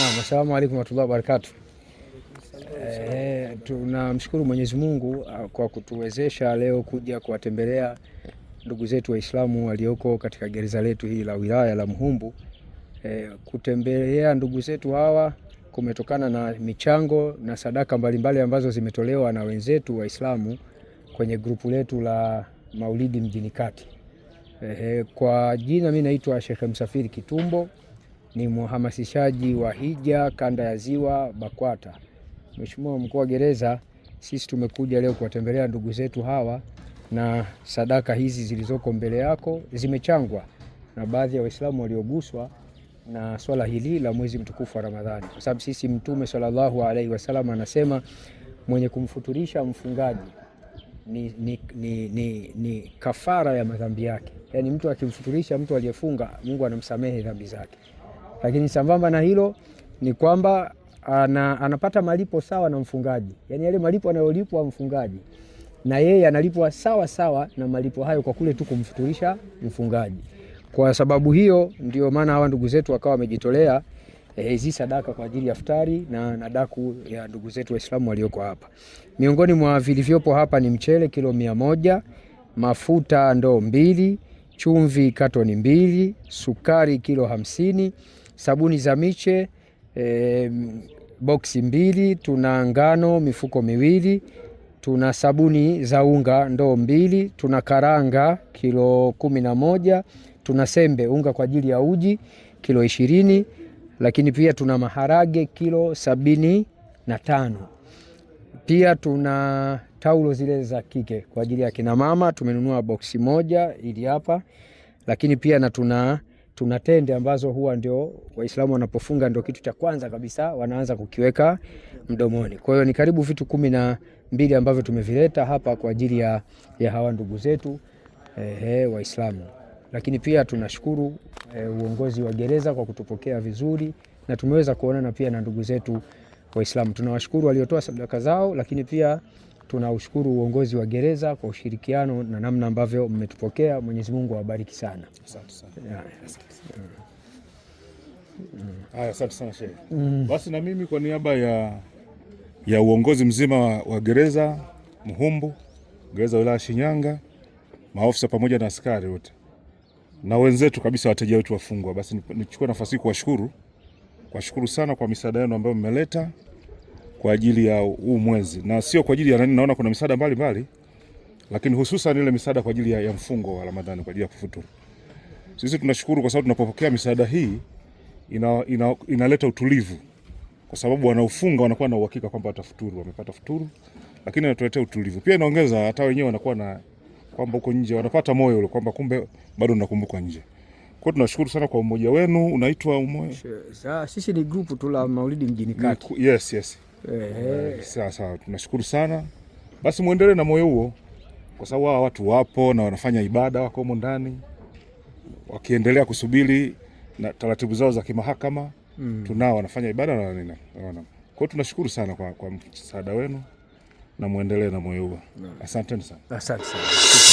Assalamu alaikum warahmatullahi wabarakatuh. E, tunamshukuru Mwenyezi Mungu ah, kwa kutuwezesha leo kuja kuwatembelea ndugu zetu Waislamu walioko katika gereza letu hili la wilaya la Muhumbu. E, kutembelea ndugu zetu hawa kumetokana na michango na sadaka mbalimbali mbali ambazo zimetolewa na wenzetu Waislamu kwenye grupu letu la Maulidi mjini Kati. E, kwa jina mimi naitwa Sheikh Msafiri Kitumbo ni mhamasishaji wa hija kanda ya Ziwa, BAKWATA. Mheshimiwa mkuu wa gereza, sisi tumekuja leo kuwatembelea ndugu zetu hawa, na sadaka hizi zilizoko mbele yako zimechangwa na baadhi ya Waislamu walioguswa na swala hili la mwezi mtukufu wa Ramadhani, kwa sababu sisi Mtume sallallahu alaihi wasallam anasema mwenye kumfuturisha mfungaji ni, ni, ni, ni, ni kafara ya madhambi yake. Yaani mtu akimfuturisha mtu aliyefunga, Mungu anamsamehe dhambi zake. Lakini sambamba na hilo ni kwamba ana, anapata malipo sawa na mfungaji, yaani yale malipo anayolipwa mfungaji na yeye analipwa sawa sawa na malipo hayo kwa kule tu kumfuturisha mfungaji. Kwa sababu hiyo ndio maana hawa ndugu zetu wakawa wamejitolea eh, hizi eh, sadaka kwa ajili ya futari na nadaku ya ndugu zetu Waislamu walioko hapa. Miongoni mwa vilivyopo hapa ni mchele kilo mia moja, mafuta ndoo mbili, chumvi katoni mbili, sukari kilo hamsini sabuni za miche e, boksi mbili, tuna ngano mifuko miwili, tuna sabuni za unga ndoo mbili, tuna karanga kilo kumi na moja, tuna sembe unga kwa ajili ya uji kilo ishirini, lakini pia tuna maharage kilo sabini na tano. Pia tuna taulo zile za kike kwa ajili ya kinamama tumenunua boksi moja ili hapa, lakini pia na tuna tuna tende ambazo huwa ndio Waislamu wanapofunga ndio kitu cha kwanza kabisa wanaanza kukiweka mdomoni. Kwa hiyo ni karibu vitu kumi na mbili ambavyo tumevileta hapa kwa ajili ya, ya hawa ndugu zetu ehe, Waislamu. Lakini pia tunashukuru e, uongozi wa gereza kwa kutupokea vizuri na tumeweza kuonana pia na ndugu zetu Waislamu. Tunawashukuru waliotoa sadaka zao, lakini pia tunaushukuru uongozi wa gereza kwa ushirikiano na namna ambavyo mmetupokea. Mwenyezi Mungu awabariki sana. Asante sana. Haya, asante sana shehe. Mm. Basi na mimi kwa niaba ya, ya uongozi mzima wa, wa gereza Muhumbu, gereza wilaya Shinyanga, maofisa pamoja na askari wote na wenzetu kabisa, wateja wetu wafungwa, basi nichukue nafasi hii kuwashukuru, kuwashukuru sana kwa misaada yenu ambayo mmeleta kwa ajili ya huu mwezi na sio kwa ajili ya nani. Naona kuna misaada mbalimbali, lakini hususan ile misaada kwa ajili ya, ya mfungo wa Ramadhani kwa ajili ya kufuturu. Sisi tunashukuru kwa sababu tunapopokea misaada hii ina, ina, inaleta utulivu kwa sababu wanaofunga wanakuwa na uhakika kwamba watafuturu, wamepata futuru, lakini inatuletea utulivu pia, inaongeza hata wenyewe wanakuwa na kwamba huko nje wanapata moyo ule kwamba kumbe bado nakumbuka nje. Kwa tunashukuru sana kwa umoja wenu. Unaitwa umoja? Sisi ni grupu tu la Maulidi mjini kati. Yes, yes. Sasa tunashukuru sana. Basi muendelee na moyo huo, kwa sababu hawa watu wapo na wanafanya ibada, wako humo ndani wakiendelea kusubiri na taratibu zao za kimahakama mm. Tunao wanafanya ibada na nini. Kwa hiyo tunashukuru sana kwa, kwa msaada wenu na muendelee na moyo huo. Asanteni sana, asante sana.